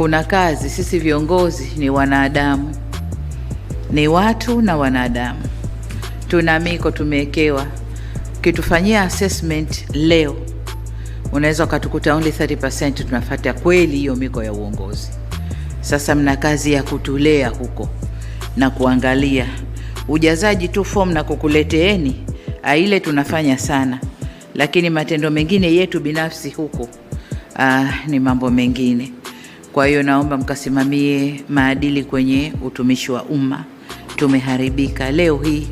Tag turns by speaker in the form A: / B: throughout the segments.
A: kuna kazi. Sisi viongozi ni wanadamu, ni watu na wanadamu, tuna miko tumewekewa. Ukitufanyia assessment leo, unaweza ukatukuta only 30% tunafuata kweli hiyo miko ya uongozi. Sasa mna kazi ya kutulea huko na kuangalia ujazaji tu form na kukuleteeni ah, ile tunafanya sana, lakini matendo mengine yetu binafsi huko, ah, ni mambo mengine. Kwa hiyo naomba mkasimamie maadili kwenye utumishi wa umma. Tumeharibika leo hii.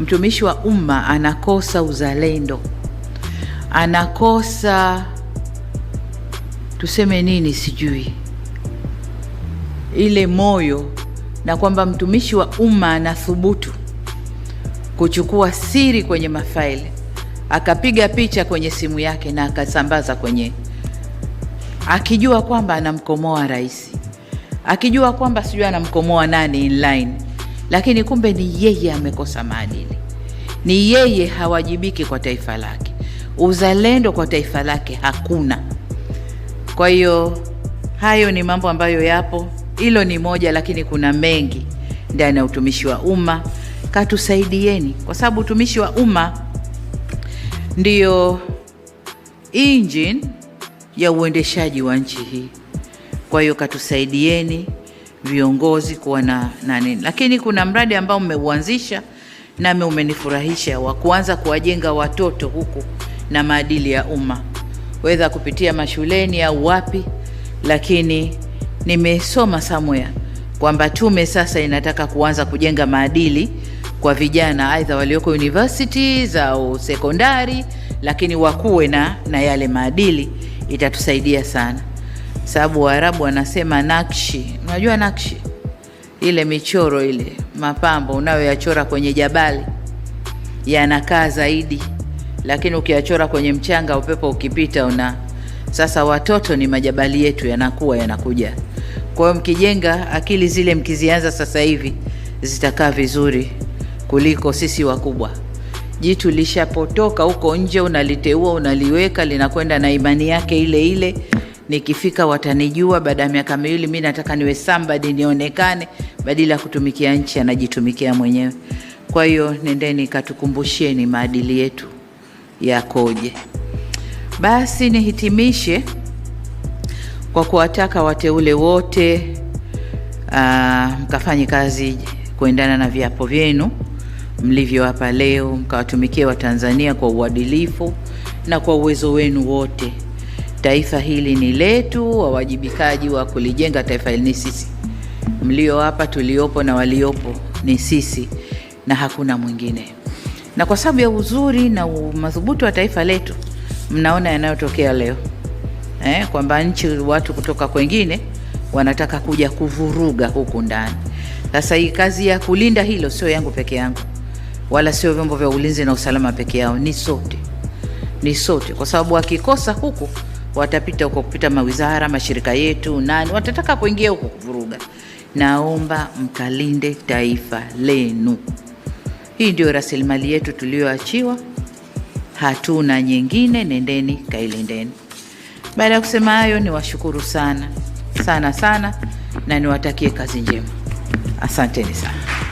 A: Mtumishi wa umma anakosa uzalendo, anakosa tuseme nini, sijui ile moyo, na kwamba mtumishi wa umma anathubutu kuchukua siri kwenye mafaili akapiga picha kwenye simu yake na akasambaza kwenye akijua kwamba anamkomoa rais, akijua kwamba sijui anamkomoa nani inline, lakini kumbe ni yeye amekosa maadili, ni yeye hawajibiki kwa taifa lake, uzalendo kwa taifa lake hakuna. Kwa hiyo hayo ni mambo ambayo yapo, hilo ni moja, lakini kuna mengi ndani ya utumishi wa umma. Katusaidieni, kwa sababu utumishi wa umma ndio engine ya uendeshaji wa nchi hii. Kwa hiyo katusaidieni viongozi kuwa na, na nini. Lakini kuna mradi ambao mmeuanzisha nami umenifurahisha wa kuanza kuwajenga watoto huku na maadili ya umma, wedha kupitia mashuleni au wapi, lakini nimesoma somewhere kwamba tume sasa inataka kuanza kujenga maadili kwa vijana aidha walioko universities au sekondari, lakini wakuwe na, na yale maadili itatusaidia sana, sababu Waarabu wanasema nakshi. Unajua nakshi ile michoro ile mapambo unayoyachora kwenye jabali yanakaa zaidi, lakini ukiyachora kwenye mchanga, upepo ukipita una sasa. Watoto ni majabali yetu, yanakuwa yanakuja. Kwa hiyo mkijenga akili zile, mkizianza sasa hivi zitakaa vizuri kuliko sisi wakubwa jitu lishapotoka huko nje, unaliteua unaliweka, linakwenda na imani yake ile ile. Nikifika watanijua baada ya miaka miwili, mi nataka niwe somebody, nionekane, badala ya kutumikia nchi anajitumikia mwenyewe. Kwa hiyo nendeni, katukumbusheni maadili yetu yakoje. Basi nihitimishe kwa kuwataka wateule wote mkafanye kazi kuendana na viapo vyenu mlivyo hapa leo, mkawatumikie Watanzania kwa uadilifu na kwa uwezo wenu wote. Taifa hili ni letu, wawajibikaji wa kulijenga taifa hili ni sisi, mlio hapa, tuliopo na waliopo, ni sisi na hakuna mwingine. Na kwa sababu ya uzuri na madhubuti wa taifa letu, mnaona yanayotokea leo eh, kwamba nchi watu kutoka kwengine wanataka kuja kuvuruga huku ndani. Sasa hii kazi ya kulinda hilo sio yangu peke yangu wala sio vyombo vya ulinzi na usalama peke yao, ni sote, ni sote, kwa sababu wakikosa huku watapita huko, kupita mawizara, mashirika yetu, nani watataka kuingia huko kuvuruga. Naomba mkalinde taifa lenu. Hii ndio rasilimali yetu tuliyoachiwa, hatuna nyingine. Nendeni kailindeni. Baada ya kusema hayo, niwashukuru sana sana sana na niwatakie kazi njema. Asanteni sana.